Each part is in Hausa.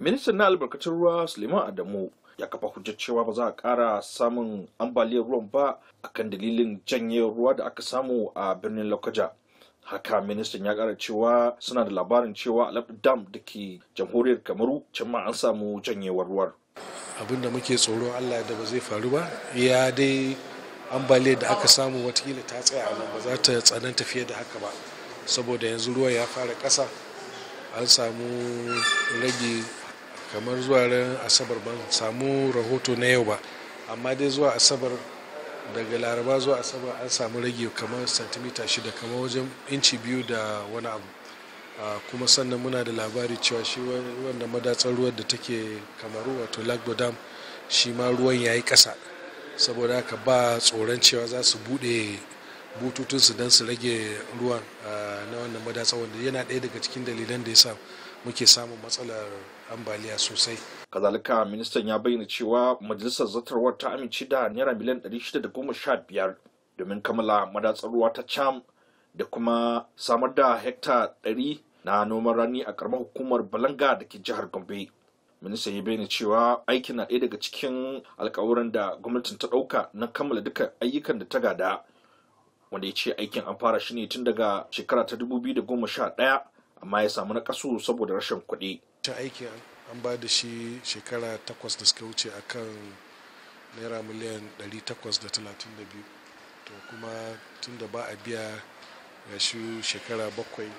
ministan na albarkatun ruwa suleiman adamu ya kafa hujjar cewa ba za a kara samun ambaliyar ruwan ba akan dalilin janye ruwa da aka samu a birnin lokaja haka ministan ya kara cewa suna da labarin cewa a dam da ke jamhuriyar kamaru can ma an samu janyewar ruwan abinda muke tsoro allah da ba zai faru ba ya dai ambaliyar da aka samu watakila ta tsaya a nan ba za ta tsananta fiye da haka ba saboda yanzu ruwan ya fara ƙasa an samu rage kamar zuwa ran asabar ban samu rahoto na yau ba amma dai zuwa asabar daga laraba zuwa asabar an samu rage kamar santimita shida kamar wajen inci biyu da wani abu kuma sannan muna da labari cewa shi wanda madatsar ruwan da take kamaru wato lagdo dam shi ma ruwan ya yi kasa saboda haka ba tsoron cewa za su bude bututunsu don su rage ruwan na wannan madatsar wanda yana ɗaya daga cikin dalilan da ya sa muke samun matsalar ambaliya sosai kazalika ministan ya bayyana cewa majalisar zartarwar ta amince da naira miliyan 615 domin kammala madatsar ruwa ta cham da kuma samar da hekta 100 na noman rani a karamar hukumar balanga da ke jihar gombe ministan ya bayyana cewa aikin na ɗaya daga cikin alkawuran da gwamnatin ta ɗauka na kammala duka ayyukan da ta gada wanda ya ce aikin an fara shi ne tun daga shekara ta 2011 amma ya samu na kasu saboda rashin kuɗi. ta aiki an ba da shi shekara takwas da suka wuce a kan naira miliyan 832 to kuma tun da ba a biya ga shi shekara bakwai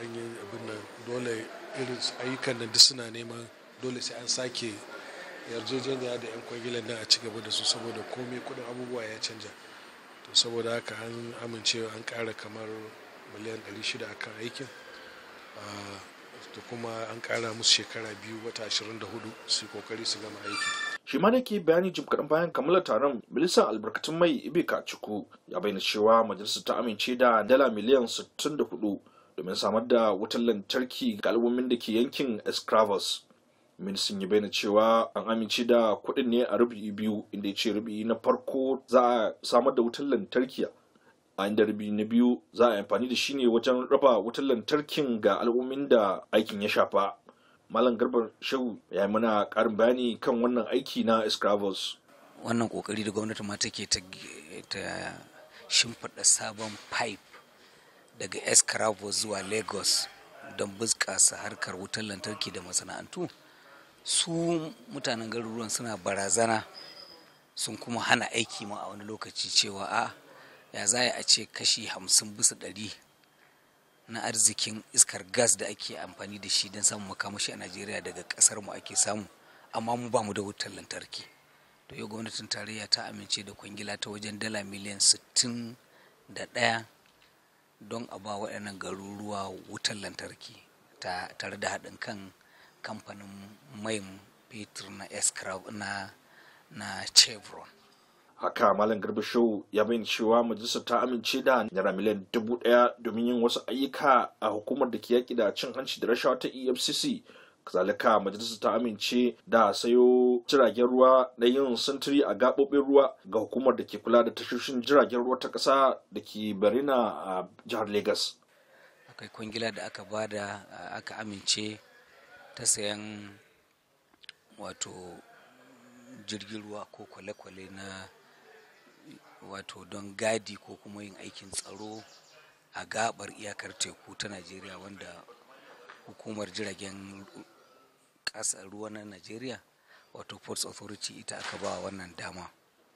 an yi abin nan dole irin ayyukan nan duk suna neman dole sai an sake yarjejeniya da 'yan kwangilan nan a ci gaba da su saboda komai kudin abubuwa ya canja to saboda haka an amincewa an kara kamar miliyan 600 akan aikin da ah, kuma an kara musu shekara biyu wata 24 su kokari su gama aiki. shi ma ke bayani jim kaɗan bayan kammala taron milisan albarkatun mai ibe ciku ya bayyana cewa majalisar ta amince da dala miliyan 64 domin samar da wutar lantarki ga al'ummomin da ke yankin escravos ministan ya bayyana cewa an amince da kuɗin ne a rubi biyu inda ya ce rubi na farko za a samar da wutar lantarki bayan darabi na biyu za a yi amfani da shi ne wajen raba wutar lantarkin ga al'ummin da aikin ya shafa malam garbar shehu ya yi mana karin bayani kan wannan aiki na escravos wannan kokari da gwamnati ma take ta shimfiɗa sabon pipe daga escravos zuwa lagos don buskasa harkar wutar lantarki da masana'antu su mutanen garuruwan suna barazana sun kuma hana aiki ma a wani lokaci cewa a ya za a ce kashi hamsin bisa ɗari na arzikin iskar gas da ake amfani da shi don samun makamashi a najeriya daga ƙasar mu ake samu amma mu ba mu da wutar lantarki to yau gwamnatin tarayya ta amince da kwangila ta wajen dala miliyan ɗaya don a ba waɗannan garuruwa wutar lantarki ta tare da haɗin kan kamfanin mai fetur na na na chevron haka malam garba show ya bayyana cewa majalisar ta amince da naira miliyan dubu daya domin yin wasu ayyuka a hukumar da ke yaƙi da cin hanci da rashawa ta efcc kazalika majalisar ta amince da sayo jiragen ruwa na yin sintiri a gaɓoɓin ruwa ga hukumar da ke kula da tashoshin jiragen ruwa ta ƙasa da ke barina a jihar lagos akwai kwangila da aka bada aka amince ta sayan wato jirgin ruwa ko kwale-kwale na wato don gadi ko kuma yin aikin tsaro a gabar iyakar teku ta najeriya wanda hukumar jiragen ƙasar ruwa na najeriya wato ports authority ita aka ba wannan dama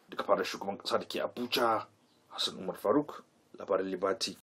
daga fara shugaban ƙasa da ke abuja hassan umar faruk labarin libati